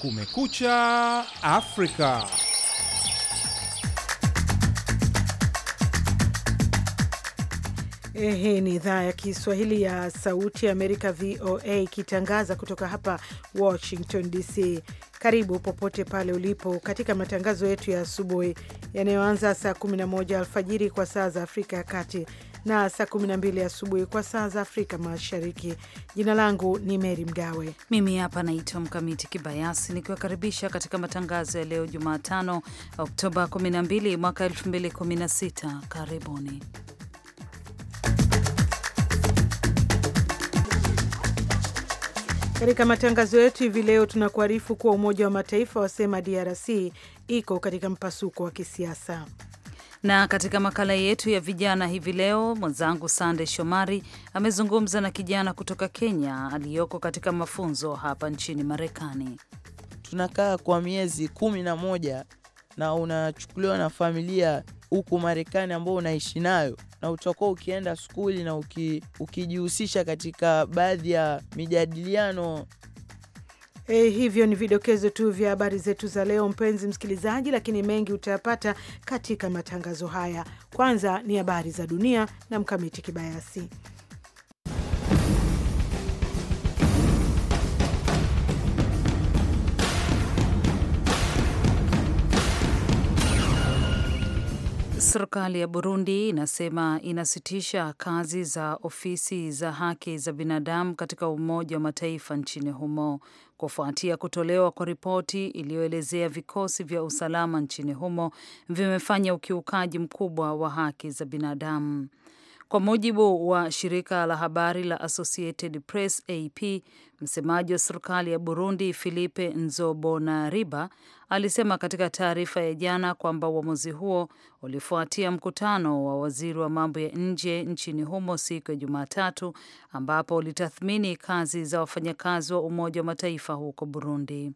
Kumekucha Afrika. Hii ni idhaa ya Kiswahili ya Sauti ya Amerika, VOA, ikitangaza kutoka hapa Washington DC. Karibu popote pale ulipo katika matangazo yetu ya asubuhi yanayoanza saa 11 alfajiri kwa saa za Afrika ya Kati na saa 12 asubuhi kwa saa za Afrika Mashariki. Jina langu ni Meri Mgawe, mimi hapa naitwa Mkamiti Kibayasi, nikiwakaribisha katika matangazo ya leo Jumatano, Oktoba 12 mwaka 2016. Karibuni. Katika matangazo yetu hivi leo tunakuarifu kuwa Umoja wa Mataifa wasema DRC iko katika mpasuko wa kisiasa. Na katika makala yetu ya vijana hivi leo, mwenzangu Sande Shomari amezungumza na kijana kutoka Kenya aliyoko katika mafunzo hapa nchini Marekani. Tunakaa kwa miezi kumi na moja na unachukuliwa na familia huku Marekani ambao unaishi nayo na utakuwa ukienda skuli na ukijihusisha katika baadhi ya mijadiliano Eh, hivyo ni vidokezo tu vya habari zetu za leo, mpenzi msikilizaji, lakini mengi utayapata katika matangazo haya. Kwanza ni habari za dunia na Mkamiti Kibayasi. Serikali ya Burundi inasema inasitisha kazi za ofisi za haki za binadamu katika Umoja wa Mataifa nchini humo kufuatia kutolewa kwa ripoti iliyoelezea vikosi vya usalama nchini humo vimefanya ukiukaji mkubwa wa haki za binadamu. Kwa mujibu wa shirika la habari la Associated Press AP, Msemaji wa serikali ya Burundi Philippe Nzobonariba alisema katika taarifa ya jana kwamba uamuzi huo ulifuatia mkutano wa waziri wa mambo ya nje nchini humo siku ya Jumatatu, ambapo ulitathmini kazi za wafanyakazi wa Umoja wa Mataifa huko Burundi.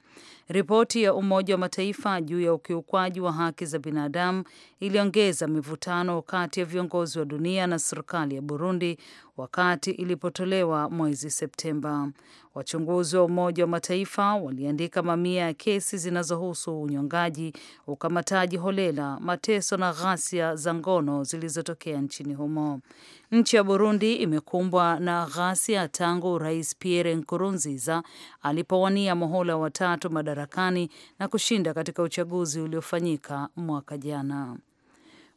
Ripoti ya Umoja wa Mataifa juu ya ukiukwaji wa haki za binadamu iliongeza mivutano kati ya viongozi wa dunia na serikali ya Burundi wakati ilipotolewa mwezi Septemba. Wachunguzi wa Umoja wa Mataifa waliandika mamia ya kesi zinazohusu unyongaji, ukamataji holela, mateso na ghasia za ngono zilizotokea nchini humo. Nchi ya Burundi imekumbwa na ghasia tangu Rais Pierre Nkurunziza alipowania muhula watatu madarakani na kushinda katika uchaguzi uliofanyika mwaka jana.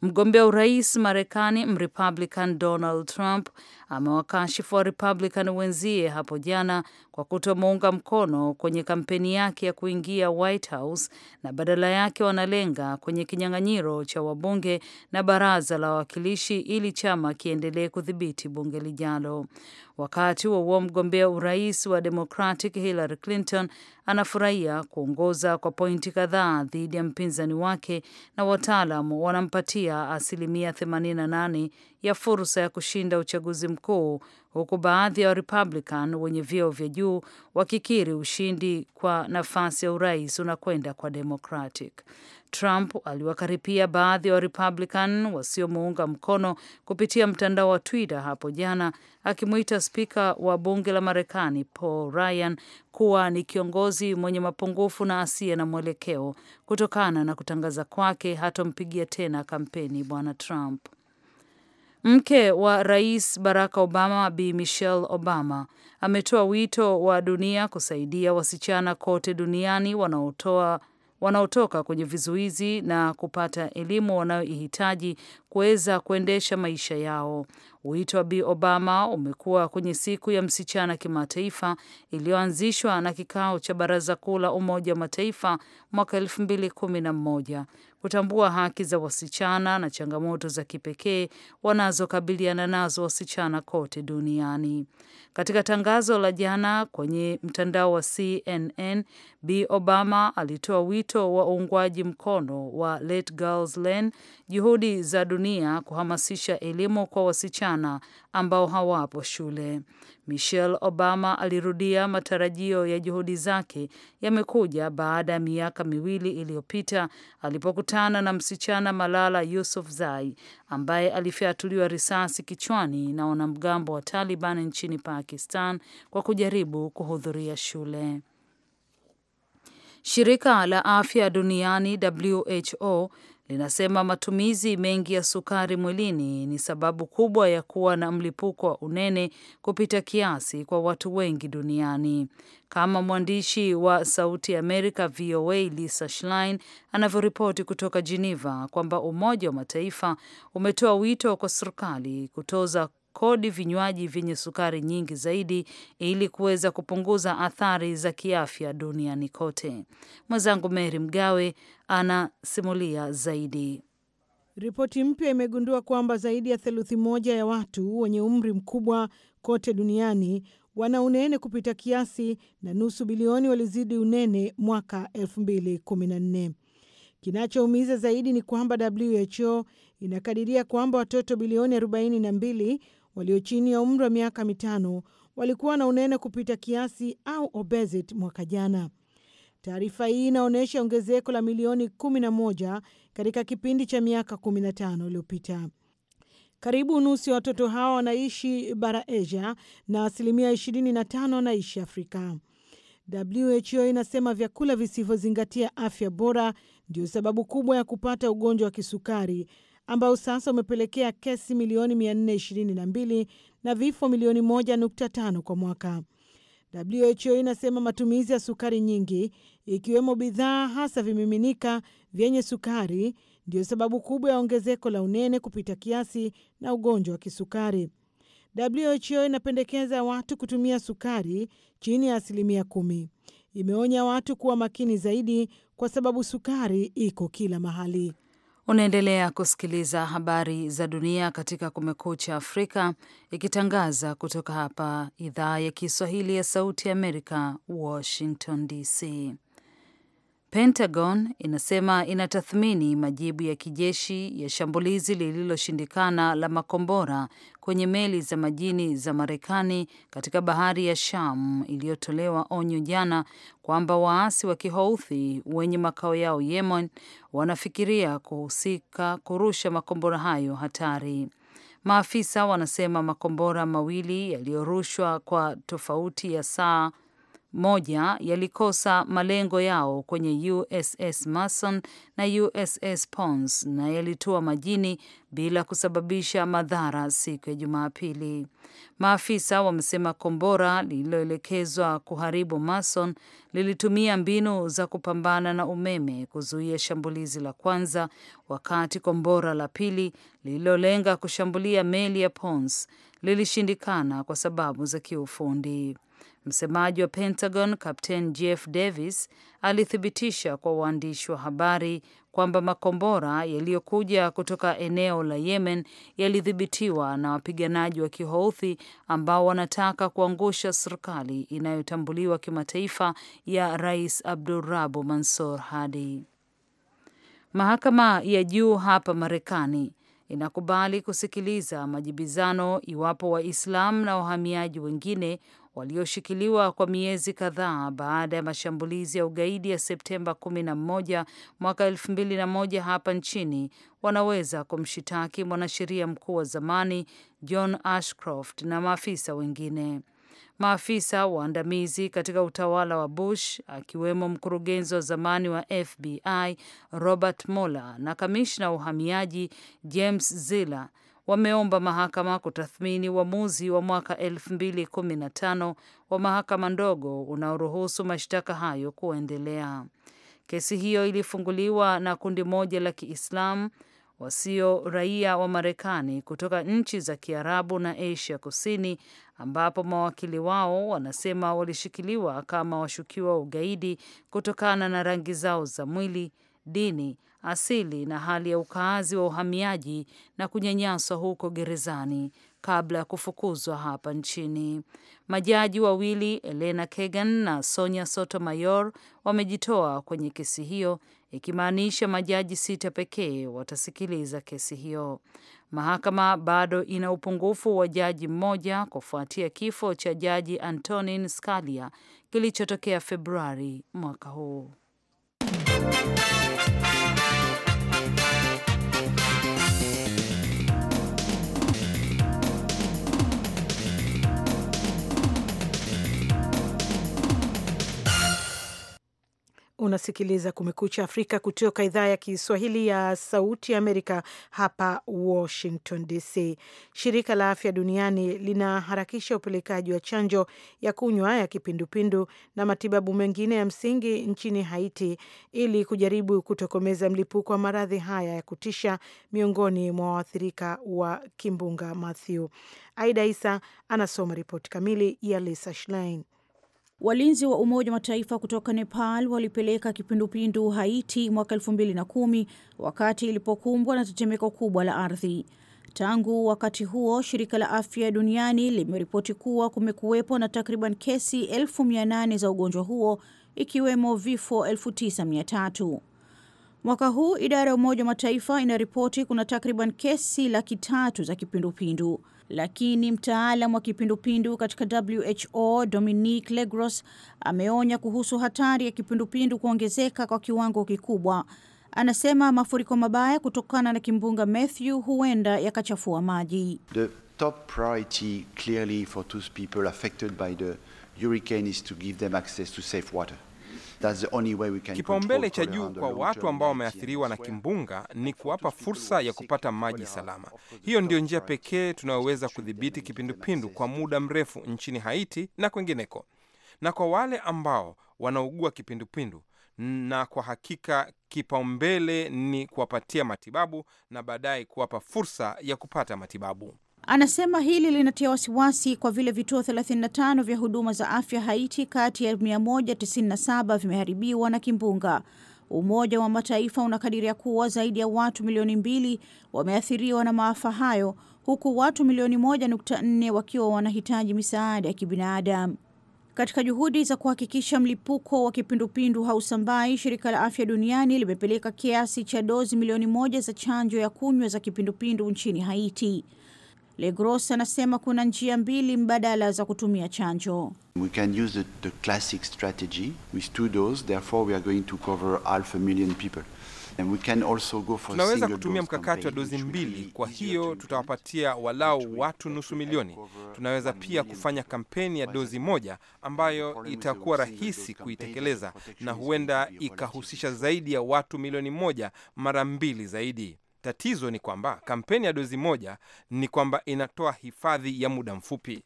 Mgombea urais Marekani Mrepublican Donald Trump amewakashifu wa Republican wenzie hapo jana kwa kutomuunga mkono kwenye kampeni yake ya kuingia White House na badala yake wanalenga kwenye kinyang'anyiro cha wabunge na baraza la wawakilishi ili chama kiendelee kudhibiti bunge lijalo. Wakati huo huo, mgombea urais wa Democratic Hillary Clinton anafurahia kuongoza kwa pointi kadhaa dhidi ya mpinzani wake, na wataalam wanampatia asilimia 88 ya fursa ya kushinda uchaguzi mkuu huku baadhi ya Warepublican wenye vyeo vya juu wakikiri ushindi kwa nafasi ya urais unakwenda kwa Democratic. Trump aliwakaripia baadhi ya Warepublican wasiomuunga mkono kupitia mtandao wa Twitter hapo jana, akimwita spika wa bunge la Marekani Paul Ryan kuwa ni kiongozi mwenye mapungufu na asiye na mwelekeo kutokana na kutangaza kwake hatompigia tena kampeni Bwana Trump. Mke wa Rais Barack Obama Bi Michelle Obama ametoa wito wa dunia kusaidia wasichana kote duniani wanaotoa wanaotoka kwenye vizuizi na kupata elimu wanayoihitaji kuweza kuendesha maisha yao. Wito wa Bi Obama umekuwa kwenye siku ya msichana kimataifa iliyoanzishwa na kikao cha Baraza Kuu la Umoja wa Mataifa mwaka elfu mbili kumi na mmoja kutambua haki za wasichana na changamoto za kipekee wanazokabiliana nazo wasichana kote duniani. Katika tangazo la jana kwenye mtandao wa CNN, b Obama alitoa wito wa uungwaji mkono wa Let Girls Learn, juhudi za dunia kuhamasisha elimu kwa wasichana ambao hawapo shule. Michelle Obama alirudia matarajio ya juhudi zake yamekuja baada ya miaka miwili iliyopita alipokutana na msichana Malala Yousafzai ambaye alifyatuliwa risasi kichwani na wanamgambo wa Taliban nchini Pakistan. Pakistan kwa kujaribu kuhudhuria shule. Shirika la Afya Duniani WHO linasema matumizi mengi ya sukari mwilini ni sababu kubwa ya kuwa na mlipuko wa unene kupita kiasi kwa watu wengi duniani. Kama mwandishi wa Sauti ya Amerika VOA Lisa Schlein anavyoripoti kutoka Geneva kwamba Umoja wa Mataifa umetoa wito kwa serikali kutoza kodi vinywaji vyenye sukari nyingi zaidi ili kuweza kupunguza athari za kiafya duniani kote. Mwenzangu mery Mgawe anasimulia zaidi. Ripoti mpya imegundua kwamba zaidi ya theluthi moja ya watu wenye umri mkubwa kote duniani wana unene kupita kiasi na nusu bilioni walizidi unene mwaka 2014. Kinachoumiza zaidi ni kwamba WHO inakadiria kwamba watoto bilioni 42 walio chini ya umri wa miaka mitano walikuwa na unene kupita kiasi au obesity mwaka jana. Taarifa hii inaonyesha ongezeko la milioni 11 katika kipindi cha miaka 15 iliyopita. Karibu nusu ya watoto hawa wanaishi bara Asia na asilimia 25 wanaishi Afrika. WHO inasema vyakula visivyozingatia afya bora ndio sababu kubwa ya kupata ugonjwa wa kisukari ambao sasa umepelekea kesi milioni 422 na vifo milioni 1.5 kwa mwaka. WHO inasema matumizi ya sukari nyingi ikiwemo bidhaa hasa vimiminika vyenye sukari ndiyo sababu kubwa ya ongezeko la unene kupita kiasi na ugonjwa wa kisukari. WHO inapendekeza watu kutumia sukari chini ya asilimia kumi. Imeonya watu kuwa makini zaidi, kwa sababu sukari iko kila mahali. Unaendelea kusikiliza habari za dunia katika Kumekucha Afrika, ikitangaza kutoka hapa idhaa ya Kiswahili ya Sauti ya Amerika, Washington DC. Pentagon inasema inatathmini majibu ya kijeshi ya shambulizi lililoshindikana la makombora kwenye meli za majini za Marekani katika bahari ya Sham iliyotolewa onyo jana kwamba waasi wa Kihouthi wenye makao yao Yemen wanafikiria kuhusika kurusha makombora hayo hatari. Maafisa wanasema makombora mawili yaliyorushwa kwa tofauti ya saa moja yalikosa malengo yao kwenye USS Mason na USS Pons na yalitua majini bila kusababisha madhara siku ya Jumapili. Maafisa wamesema kombora lililoelekezwa kuharibu Mason lilitumia mbinu za kupambana na umeme kuzuia shambulizi la kwanza, wakati kombora la pili lililolenga kushambulia meli ya Pons lilishindikana kwa sababu za kiufundi. Msemaji wa Pentagon Captain Jeff Davis alithibitisha kwa waandishi wa habari kwamba makombora yaliyokuja kutoka eneo la Yemen yalidhibitiwa na wapiganaji wa Kihouthi ambao wanataka kuangusha serikali inayotambuliwa kimataifa ya Rais Abdurabu Mansur Hadi. Mahakama ya juu hapa Marekani inakubali kusikiliza majibizano iwapo Waislamu na wahamiaji wengine walioshikiliwa kwa miezi kadhaa baada ya mashambulizi ya ugaidi ya Septemba 11 mwaka 2001 hapa nchini wanaweza kumshitaki mwanasheria mkuu wa zamani John Ashcroft na maafisa wengine. Maafisa waandamizi katika utawala wa Bush akiwemo mkurugenzi wa zamani wa FBI Robert Mueller na kamishna wa uhamiaji James Ziller wameomba mahakama kutathmini uamuzi wa mwaka 2015 wa mahakama ndogo unaoruhusu mashtaka hayo kuendelea. Kesi hiyo ilifunguliwa na kundi moja la Kiislamu wasio raia wa Marekani kutoka nchi za Kiarabu na Asia Kusini, ambapo mawakili wao wanasema walishikiliwa kama washukiwa wa ugaidi kutokana na rangi zao za mwili, dini asili na hali ya ukaazi wa uhamiaji na kunyanyaswa huko gerezani kabla ya kufukuzwa hapa nchini. Majaji wawili Elena Kagan na Sonia Sotomayor wamejitoa kwenye kesi hiyo, ikimaanisha majaji sita pekee watasikiliza kesi hiyo. Mahakama bado ina upungufu wa jaji mmoja kufuatia kifo cha jaji Antonin Scalia kilichotokea Februari mwaka huu. Unasikiliza Kumekucha Afrika kutoka idhaa ya Kiswahili ya Sauti Amerika, hapa Washington DC. Shirika la Afya Duniani linaharakisha upelekaji wa chanjo ya kunywa ya kipindupindu na matibabu mengine ya msingi nchini Haiti ili kujaribu kutokomeza mlipuko wa maradhi haya ya kutisha miongoni mwa waathirika wa kimbunga Matthew. Aida Isa anasoma ripoti kamili ya Lisa Schlein. Walinzi wa Umoja wa Mataifa kutoka Nepal walipeleka kipindupindu Haiti mwaka elfu mbili na kumi wakati ilipokumbwa na tetemeko kubwa la ardhi. Tangu wakati huo, shirika la afya duniani limeripoti kuwa kumekuwepo na takriban kesi elfu mia nane za ugonjwa huo ikiwemo vifo elfu tisa mia tatu. Mwaka huu idara ya Umoja wa Mataifa inaripoti kuna takriban kesi laki tatu za kipindupindu lakini mtaalam wa kipindupindu katika WHO Dominique Legros ameonya kuhusu hatari ya kipindupindu kuongezeka kwa kiwango kikubwa. Anasema mafuriko mabaya kutokana na kimbunga Matthew huenda yakachafua maji. The top priority clearly for those people affected by the hurricane is to give them access to safe water. Kipaumbele cha juu kwa watu ambao wameathiriwa na kimbunga ni kuwapa fursa ya kupata maji salama. Hiyo ndiyo njia pekee tunayoweza kudhibiti kipindupindu kwa muda mrefu nchini Haiti na kwengineko. Na kwa wale ambao wanaugua kipindupindu, na kwa hakika kipaumbele ni kuwapatia matibabu na baadaye kuwapa fursa ya kupata matibabu. Anasema hili linatia wasiwasi kwa vile vituo 35 vya huduma za afya Haiti kati ya 197 vimeharibiwa na kimbunga. Umoja wa Mataifa unakadiria kuwa zaidi ya watu milioni mbili wameathiriwa na maafa hayo huku watu milioni 1.4 wakiwa wanahitaji misaada ya kibinadamu. Katika juhudi za kuhakikisha mlipuko wa kipindupindu hausambai, shirika la afya duniani limepeleka kiasi cha dozi milioni moja za chanjo ya kunywa za kipindupindu nchini Haiti. Legros anasema kuna njia mbili mbadala za kutumia chanjo. We can use the, the classic strategy with two doses, therefore we are going to cover half a million people. And we can also go for tunaweza kutumia mkakati wa dozi mbili, kwa hiyo tutawapatia walau watu nusu milioni. Tunaweza pia kufanya kampeni ya dozi moja ambayo itakuwa rahisi kuitekeleza na huenda ikahusisha zaidi ya watu milioni moja mara mbili zaidi. Tatizo ni kwamba kampeni ya dozi moja ni kwamba inatoa hifadhi ya muda mfupi,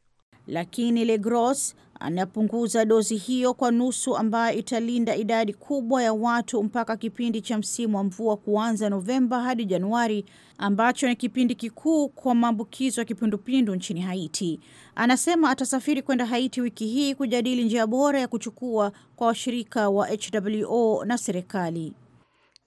lakini Legros anapunguza dozi hiyo kwa nusu, ambayo italinda idadi kubwa ya watu mpaka kipindi cha msimu wa mvua kuanza Novemba hadi Januari, ambacho ni kipindi kikuu kwa maambukizo ya kipindupindu nchini Haiti. Anasema atasafiri kwenda Haiti wiki hii kujadili njia bora ya kuchukua kwa washirika wa hwo na serikali.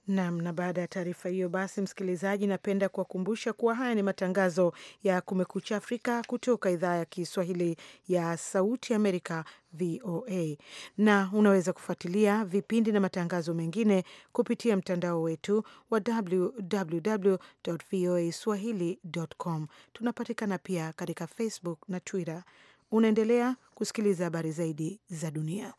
Nam. Na baada ya taarifa hiyo basi, msikilizaji, napenda kuwakumbusha kuwa haya ni matangazo ya Kumekucha Afrika kutoka idhaa ya Kiswahili ya Sauti Amerika, VOA, na unaweza kufuatilia vipindi na matangazo mengine kupitia mtandao wetu wa www voa swahili.com. Tunapatikana pia katika Facebook na Twitter. Unaendelea kusikiliza habari zaidi za dunia.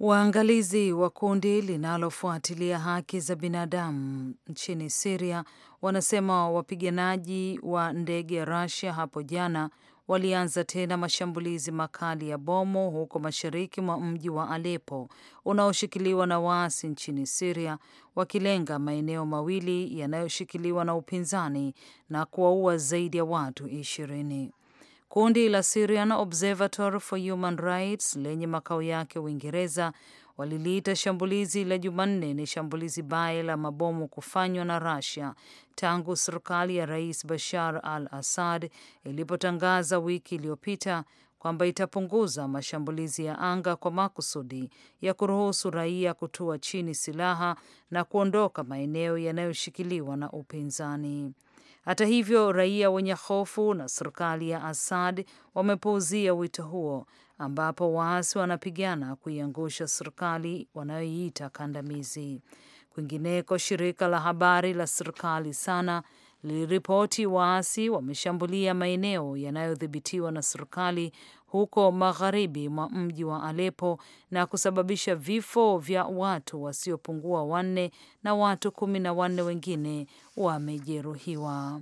Waangalizi wa kundi linalofuatilia haki za binadamu nchini Siria wanasema wapiganaji wa ndege ya Rusia hapo jana walianza tena mashambulizi makali ya bomu huko mashariki mwa mji wa Alepo unaoshikiliwa na waasi nchini Siria, wakilenga maeneo mawili yanayoshikiliwa na upinzani na kuwaua zaidi ya watu ishirini. Kundi la Syrian Observatory for Human Rights lenye makao yake Uingereza waliliita shambulizi la Jumanne ni shambulizi baya la mabomu kufanywa na Russia tangu serikali ya Rais Bashar al-Assad ilipotangaza wiki iliyopita kwamba itapunguza mashambulizi ya anga kwa makusudi ya kuruhusu raia kutua chini silaha na kuondoka maeneo yanayoshikiliwa na upinzani. Hata hivyo, raia wenye hofu na serikali ya Assad wamepuuzia wito huo, ambapo waasi wanapigana kuiangusha serikali wanayoiita kandamizi. Kwingineko, shirika la habari la serikali SANA liliripoti waasi wameshambulia maeneo yanayodhibitiwa na serikali huko magharibi mwa mji wa Aleppo na kusababisha vifo vya watu wasiopungua wanne na watu kumi na wanne wengine wamejeruhiwa.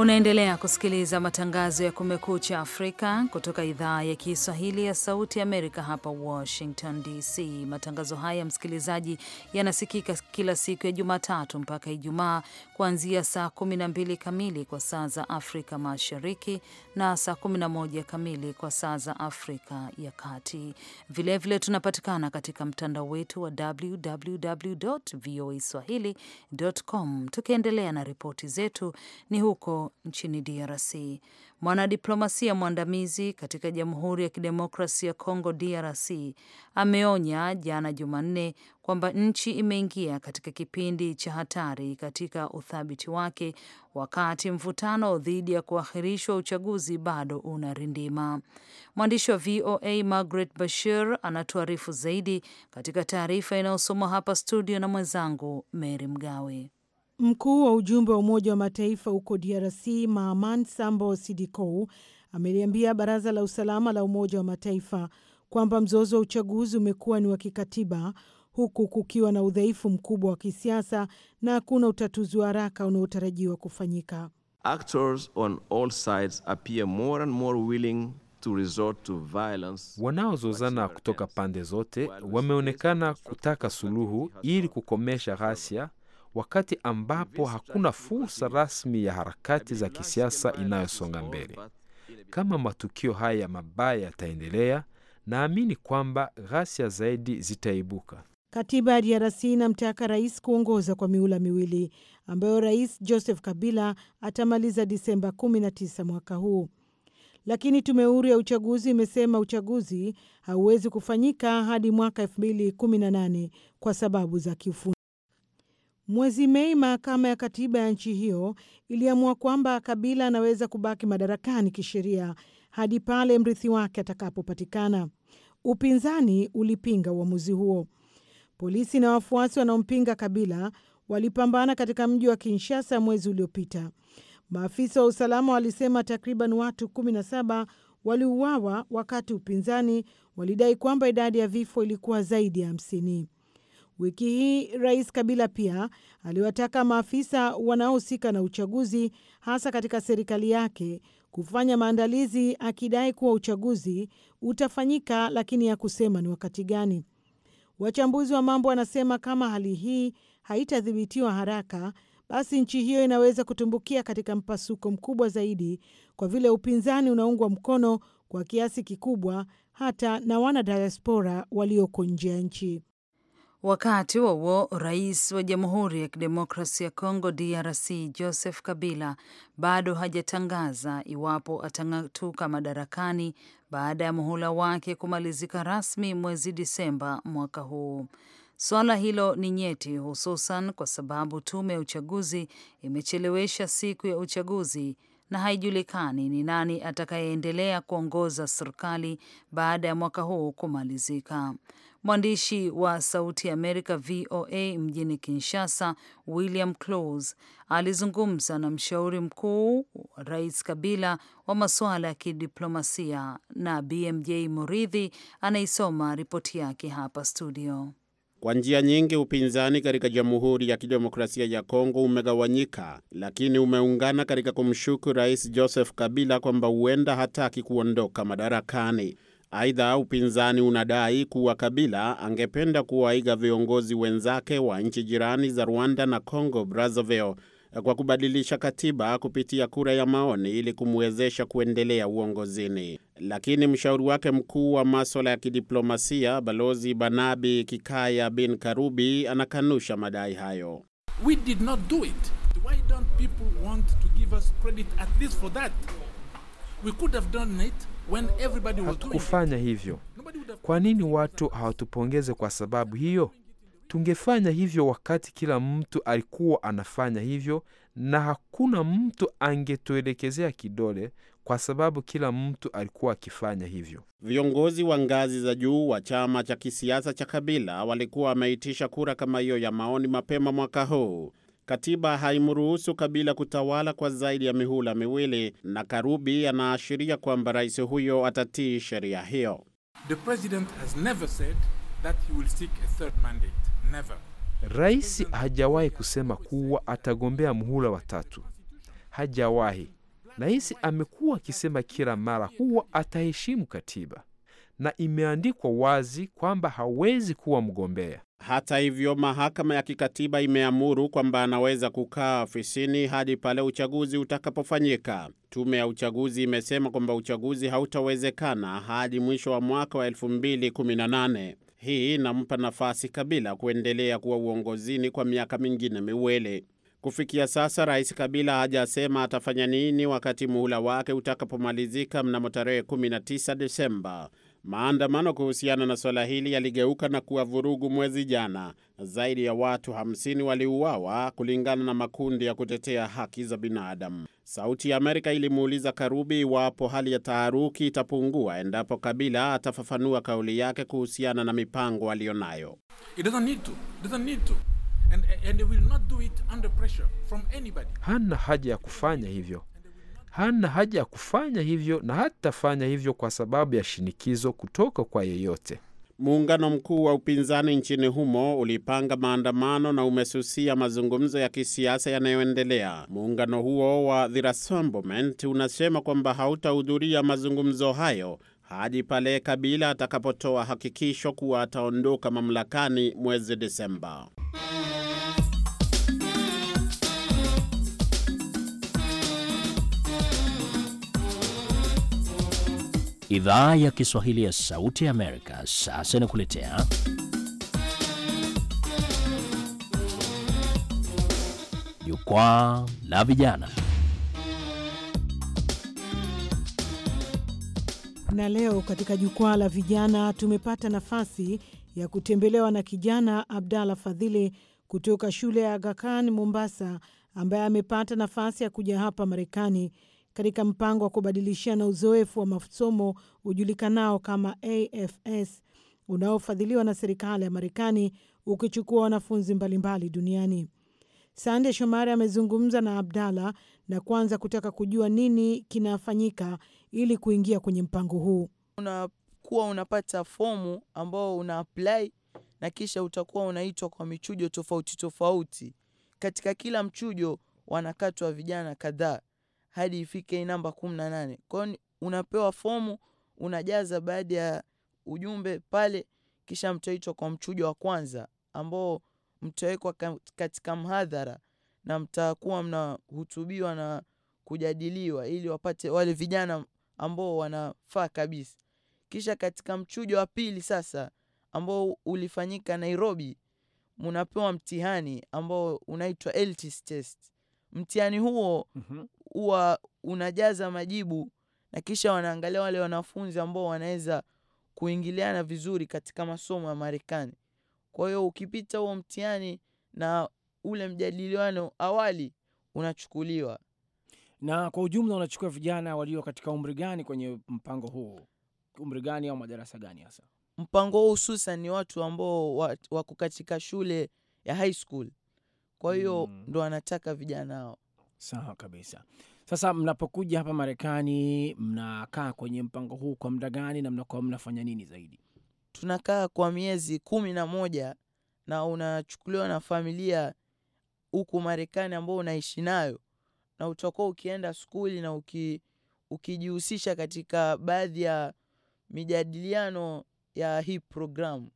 Unaendelea kusikiliza matangazo ya Kumekucha Afrika kutoka idhaa ya Kiswahili ya Sauti Amerika hapa Washington DC. Matangazo haya, msikilizaji, yanasikika kila siku ya Jumatatu mpaka Ijumaa kuanzia saa 12 kamili kwa saa za Afrika Mashariki na saa 11 kamili kwa saa za Afrika ya Kati. Vilevile vile tunapatikana katika mtandao wetu wa www voa swahili.com. Tukiendelea na ripoti zetu, ni huko nchini DRC. Mwanadiplomasia mwandamizi katika Jamhuri ya Kidemokrasia ya Kongo DRC ameonya jana Jumanne kwamba nchi imeingia katika kipindi cha hatari katika uthabiti wake wakati mvutano dhidi ya kuahirishwa uchaguzi bado unarindima. Mwandishi wa VOA Margaret Bashir anatuarifu zaidi katika taarifa inayosomwa hapa studio na mwenzangu Mary Mgawe. Mkuu wa ujumbe wa Umoja wa Mataifa huko DRC Maaman Sambo Sidikou ameliambia Baraza la Usalama la Umoja wa Mataifa kwamba mzozo wa uchaguzi umekuwa ni wa kikatiba huku kukiwa na udhaifu mkubwa wa kisiasa na hakuna utatuzi wa haraka unaotarajiwa kufanyika. Actors on all sides appear more and more willing to resort to violence. Wanaozozana kutoka pande zote wameonekana kutaka suluhu ili kukomesha ghasia wakati ambapo hakuna fursa rasmi ya harakati za kisiasa inayosonga mbele. Kama matukio haya mabaya yataendelea, naamini kwamba ghasia zaidi zitaibuka. Katiba ya DRC inamtaka rais kuongoza kwa miula miwili ambayo rais Joseph Kabila atamaliza Disemba 19 mwaka huu, lakini tume huru ya uchaguzi imesema uchaguzi hauwezi kufanyika hadi mwaka 2018 kwa sababu za kiufundi. Mwezi Mei, mahakama ya katiba ya nchi hiyo iliamua kwamba Kabila anaweza kubaki madarakani kisheria hadi pale mrithi wake atakapopatikana. Upinzani ulipinga uamuzi huo. Polisi na wafuasi wanaompinga Kabila walipambana katika mji wa Kinshasa mwezi uliopita. Maafisa wa usalama walisema takriban watu 17 waliuawa wakati upinzani walidai kwamba idadi ya vifo ilikuwa zaidi ya hamsini Wiki hii Rais Kabila pia aliwataka maafisa wanaohusika na uchaguzi hasa katika serikali yake kufanya maandalizi, akidai kuwa uchaguzi utafanyika, lakini kusema ni wakati gani. Wachambuzi wa mambo wanasema kama hali hii haitadhibitiwa haraka, basi nchi hiyo inaweza kutumbukia katika mpasuko mkubwa zaidi, kwa vile upinzani unaungwa mkono kwa kiasi kikubwa hata na wanadiaspora walioko nje ya nchi. Wakati huo huo, rais wa Jamhuri ya kidemokrasi ya Kongo DRC Joseph Kabila bado hajatangaza iwapo atang'atuka madarakani baada ya muhula wake kumalizika rasmi mwezi Disemba mwaka huu. Suala hilo ni nyeti, hususan kwa sababu tume ya uchaguzi imechelewesha siku ya uchaguzi na haijulikani ni nani atakayeendelea kuongoza serikali baada ya mwaka huu kumalizika. Mwandishi wa Sauti ya Amerika VOA mjini Kinshasa, William clos alizungumza na mshauri mkuu Rais Kabila wa masuala ya kidiplomasia, na BMJ Muridhi anaisoma ripoti yake hapa studio. Kwa njia nyingi upinzani katika Jamhuri ya Kidemokrasia ya Kongo umegawanyika, lakini umeungana katika kumshuku Rais Joseph Kabila kwamba huenda hataki kuondoka madarakani. Aidha, upinzani unadai kuwa Kabila angependa kuwaiga viongozi wenzake wa nchi jirani za Rwanda na Congo Brazzaville kwa kubadilisha katiba kupitia kura ya maoni ili kumwezesha kuendelea uongozini. Lakini mshauri wake mkuu wa maswala ya kidiplomasia Balozi Banabi Kikaya bin Karubi anakanusha madai hayo. We did not do it. Why don't people want to give us credit at least for that? We could have done it when everybody was doing it. Hatukufanya hivyo. Kwa nini watu hawatupongeze kwa sababu hiyo? tungefanya hivyo wakati kila mtu alikuwa anafanya hivyo, na hakuna mtu angetuelekezea kidole, kwa sababu kila mtu alikuwa akifanya hivyo. Viongozi wa ngazi za juu wa chama cha kisiasa cha Kabila walikuwa wameitisha kura kama hiyo ya maoni mapema mwaka huu. Katiba haimruhusu Kabila kutawala kwa zaidi ya mihula miwili, na Karubi anaashiria kwamba rais huyo atatii sheria hiyo. The president has never said that he will seek a third mandate. Rais hajawahi kusema kuwa atagombea muhula wa tatu, hajawahi. Rais amekuwa akisema kila mara kuwa ataheshimu katiba na imeandikwa wazi kwamba hawezi kuwa mgombea. Hata hivyo, mahakama ya kikatiba imeamuru kwamba anaweza kukaa ofisini hadi pale uchaguzi utakapofanyika. Tume ya uchaguzi imesema kwamba uchaguzi hautawezekana hadi mwisho wa mwaka wa 2018. Hii inampa nafasi Kabila kuendelea kuwa uongozini kwa miaka mingine miwele. Kufikia sasa, Rais Kabila hajasema atafanya nini wakati muhula wake utakapomalizika mnamo tarehe 19 Desemba. Maandamano kuhusiana na swala hili yaligeuka na kuwa vurugu mwezi jana. Zaidi ya watu 50 waliuawa kulingana na makundi ya kutetea haki za binadamu. Sauti ya Amerika ilimuuliza Karubi iwapo hali ya taharuki itapungua endapo Kabila atafafanua kauli yake kuhusiana na mipango aliyonayo. Hana haja ya kufanya hivyo hana haja ya kufanya hivyo na hatafanya hivyo kwa sababu ya shinikizo kutoka kwa yeyote. Muungano mkuu wa upinzani nchini humo ulipanga maandamano na umesusia mazungumzo ya kisiasa yanayoendelea. Muungano huo wa The Rassemblement unasema kwamba hautahudhuria mazungumzo hayo hadi pale Kabila atakapotoa hakikisho kuwa ataondoka mamlakani mwezi Desemba. Idhaa ya Kiswahili ya Sauti ya Amerika sasa inakuletea Jukwaa la Vijana, na leo katika Jukwaa la Vijana tumepata nafasi ya kutembelewa na kijana Abdalla Fadhili kutoka shule ya Aga Khan Mombasa, ambaye amepata nafasi ya kuja hapa Marekani katika mpango wa kubadilishana uzoefu wa masomo ujulikanao kama AFS unaofadhiliwa na serikali ya Marekani ukichukua wanafunzi mbalimbali duniani. Sande Shomari amezungumza na Abdalla na kwanza kutaka kujua nini kinafanyika ili kuingia kwenye mpango huu. Unakuwa unapata fomu ambao una apply na kisha utakuwa unaitwa kwa michujo tofauti tofauti. Katika kila mchujo wanakatwa vijana kadhaa hadi ifike namba kumi na nane. Kwa hiyo unapewa fomu unajaza baadhi ya ujumbe pale, kisha mtaitwa kwa mchujo wa kwanza ambao mtawekwa katika mhadhara na mtakuwa mnahutubiwa na kujadiliwa ili wapate wale vijana ambao wanafaa kabisa. Kisha katika mchujo wa pili sasa ambao ulifanyika Nairobi, mnapewa mtihani ambao unaitwa LTS test. Mtihani huo mm -hmm huwa unajaza majibu na kisha wanaangalia wale wanafunzi ambao wanaweza kuingiliana vizuri katika masomo ya Marekani. Kwa hiyo ukipita huo mtihani na ule mjadiliano awali unachukuliwa. Na kwa ujumla unachukua vijana walio katika umri gani kwenye mpango huu? Umri gani au madarasa gani hasa? Mpango huu hususan ni watu ambao wako katika shule ya high school. Kwa hiyo mm, ndo wanataka vijana hao. Sawa kabisa. Sasa mnapokuja hapa Marekani, mnakaa kwenye mpango huu kwa muda gani na mnakuwa mnafanya nini zaidi? Tunakaa kwa miezi kumi na moja na unachukuliwa na familia huku Marekani ambao unaishi nayo, na utakuwa ukienda skuli na uki, ukijihusisha katika baadhi ya mijadiliano ya hii programu.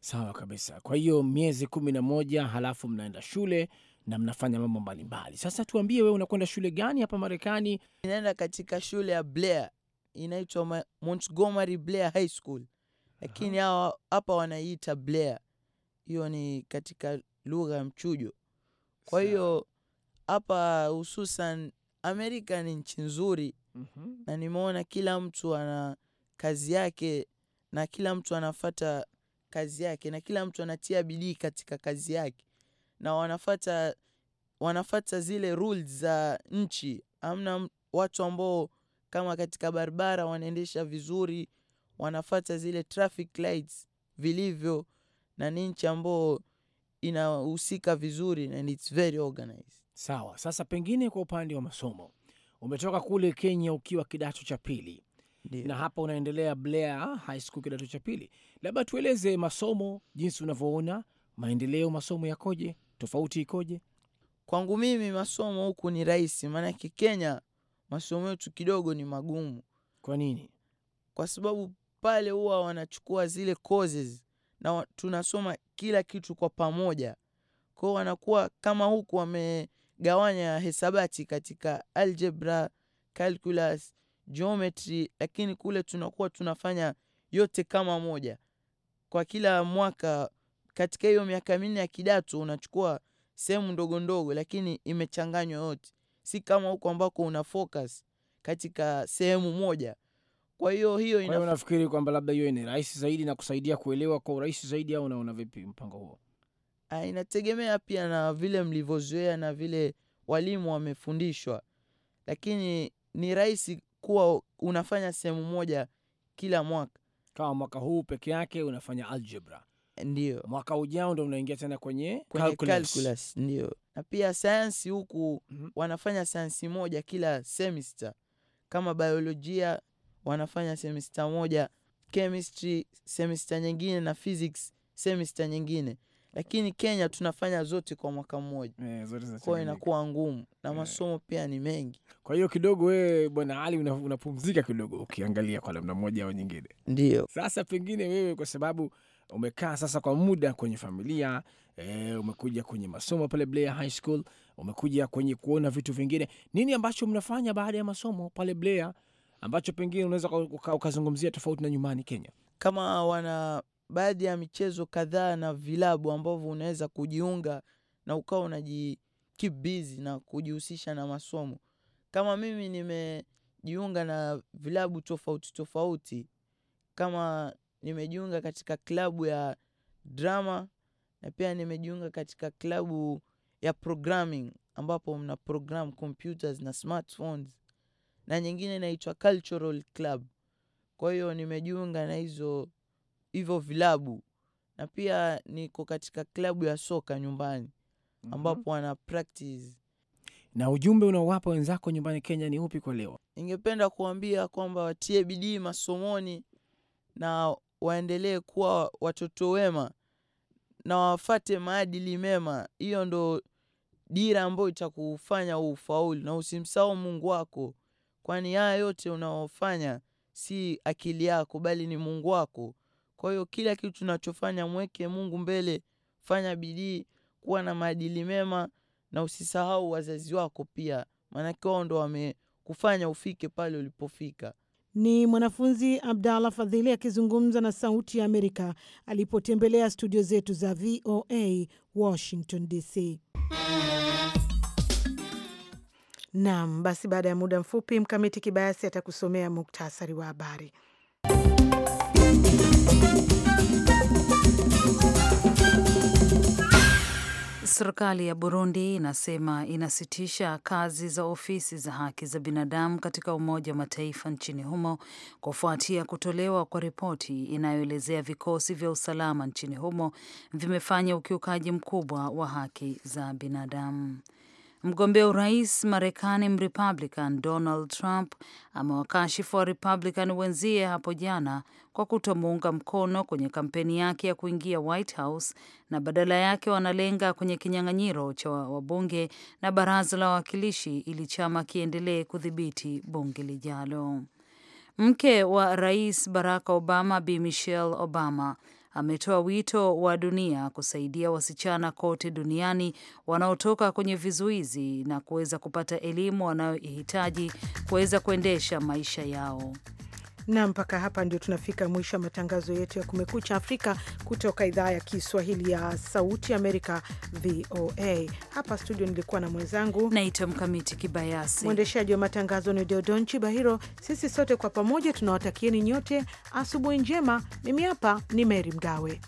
Sawa kabisa. Kwa hiyo miezi kumi na moja halafu mnaenda shule na mnafanya mambo mbalimbali. Sasa tuambie, wewe unakwenda shule gani hapa Marekani? Inaenda katika shule ya Blair, inaitwa Montgomery Blair High School, lakini hawa hapa wanaiita Blair. Hiyo ni katika lugha ya mchujo. Kwa hiyo hapa hususan Amerika ni nchi nzuri mm -hmm. na nimeona kila mtu ana kazi yake na kila mtu anafata kazi yake na kila mtu anatia bidii katika kazi yake na wanafata, wanafata zile rules za nchi. amna watu ambao kama katika barabara wanaendesha vizuri, wanafata zile traffic lights vilivyo, na ni nchi ambao inahusika vizuri and it's very organized. Sawa. Sasa pengine kwa upande wa masomo, umetoka kule Kenya ukiwa kidato cha pili Dio. na hapa unaendelea Blair High School kidato cha pili, labda tueleze masomo, jinsi unavyoona maendeleo, masomo yakoje? tofauti ikoje? Kwangu mimi masomo huku ni rahisi, maanake Kenya masomo yetu kidogo ni magumu. Kwa nini? Kwa sababu pale huwa wanachukua zile courses na tunasoma kila kitu kwa pamoja, kwao wanakuwa kama huku wamegawanya hesabati katika algebra, calculus, geometry, lakini kule tunakuwa tunafanya yote kama moja. Kwa kila mwaka katika hiyo miaka minne ya kidato unachukua sehemu ndogo ndogo, lakini imechanganywa yote, si kama huko ambako una focus katika sehemu moja. Kwa hiyo hiyo ina... nafikiri kwamba labda hiyo ni rahisi zaidi na kusaidia kuelewa kwa urahisi zaidi, au unaona vipi mpango huo? Ah, inategemea pia na vile mlivyozoea na vile walimu wamefundishwa, lakini ni rahisi kuwa unafanya sehemu moja kila mwaka. Kama mwaka huu peke yake unafanya algebra ndio, mwaka ujao ndo unaingia tena kwenye kwenye calculus. Ndio, na pia sayansi huku mm -hmm. wanafanya sayansi moja kila semester, kama biolojia wanafanya semester moja, chemistry semester nyingine, na physics semester nyingine lakini Kenya tunafanya zote kwa mwaka mmoja yeah, eh, kwao inakuwa ngumu na yeah. Masomo pia ni mengi, kwa hiyo kidogo wewe bwana Ali unapumzika kidogo, ukiangalia kwa namna moja au nyingine. Ndio sasa pengine wewe kwa sababu umekaa sasa kwa muda kwenye familia e, umekuja kwenye masomo pale Blair High School, umekuja kwenye kuona vitu vingine. Nini ambacho mnafanya baada ya masomo pale Blair ambacho pengine unaweza ukazungumzia tofauti na nyumbani Kenya? Kama wana baadhi ya michezo kadhaa na vilabu ambavyo unaweza kujiunga na ukawa unaji keep busy na kujihusisha na masomo. Kama mimi nimejiunga na vilabu tofauti tofauti, kama nimejiunga katika klabu ya drama na pia nimejiunga katika klabu ya programming ambapo mna program computers na smartphones na nyingine inaitwa cultural club. Kwa hiyo nimejiunga na hizo hivyo vilabu na pia niko katika klabu ya soka nyumbani mhm. ambapo wana practice. Na ujumbe unaowapa wenzako nyumbani Kenya ni upi kwa leo? Ningependa kuambia kwamba watie bidii masomoni na waendelee kuwa watoto wema na wafate maadili mema. Hiyo ndo dira ambayo itakufanya ufaulu, na usimsahau Mungu wako, kwani haya yote unaofanya si akili yako, bali ni Mungu wako. Kwa hiyo kila kitu tunachofanya mweke Mungu mbele, fanya bidii, kuwa na maadili mema, na usisahau wazazi wako pia, maanake wao ndo wamekufanya ufike pale ulipofika. Ni mwanafunzi Abdallah Fadhili akizungumza na Sauti ya Amerika alipotembelea studio zetu za VOA Washington DC. Naam, basi baada ya muda mfupi Mkamiti Kibayasi atakusomea muktasari wa habari. Serikali ya Burundi inasema inasitisha kazi za ofisi za haki za binadamu katika Umoja wa Mataifa nchini humo kufuatia kutolewa kwa ripoti inayoelezea vikosi vya usalama nchini humo vimefanya ukiukaji mkubwa wa haki za binadamu. Mgombea urais Marekani Mrepublican Donald Trump amewakashifu wa Republican wenzie hapo jana kwa kutomuunga mkono kwenye kampeni yake ya kuingia White House na badala yake wanalenga kwenye kinyang'anyiro cha wabunge na baraza la wawakilishi ili chama kiendelee kudhibiti bunge lijalo. Mke wa rais Barack Obama Bi Michelle Obama ametoa wito wa dunia kusaidia wasichana kote duniani wanaotoka kwenye vizuizi na kuweza kupata elimu wanayoihitaji kuweza kuendesha maisha yao. Na mpaka hapa ndio tunafika mwisho wa matangazo yetu ya Kumekucha Afrika kutoka idhaa ya Kiswahili ya Sauti Amerika, VOA. Hapa studio nilikuwa na mwenzangu naitwa Mkamiti Kibayasi, mwendeshaji wa matangazo ni Deodonchi Bahiro. Sisi sote kwa pamoja tunawatakieni nyote asubuhi njema. Mimi hapa ni Meri Mgawe.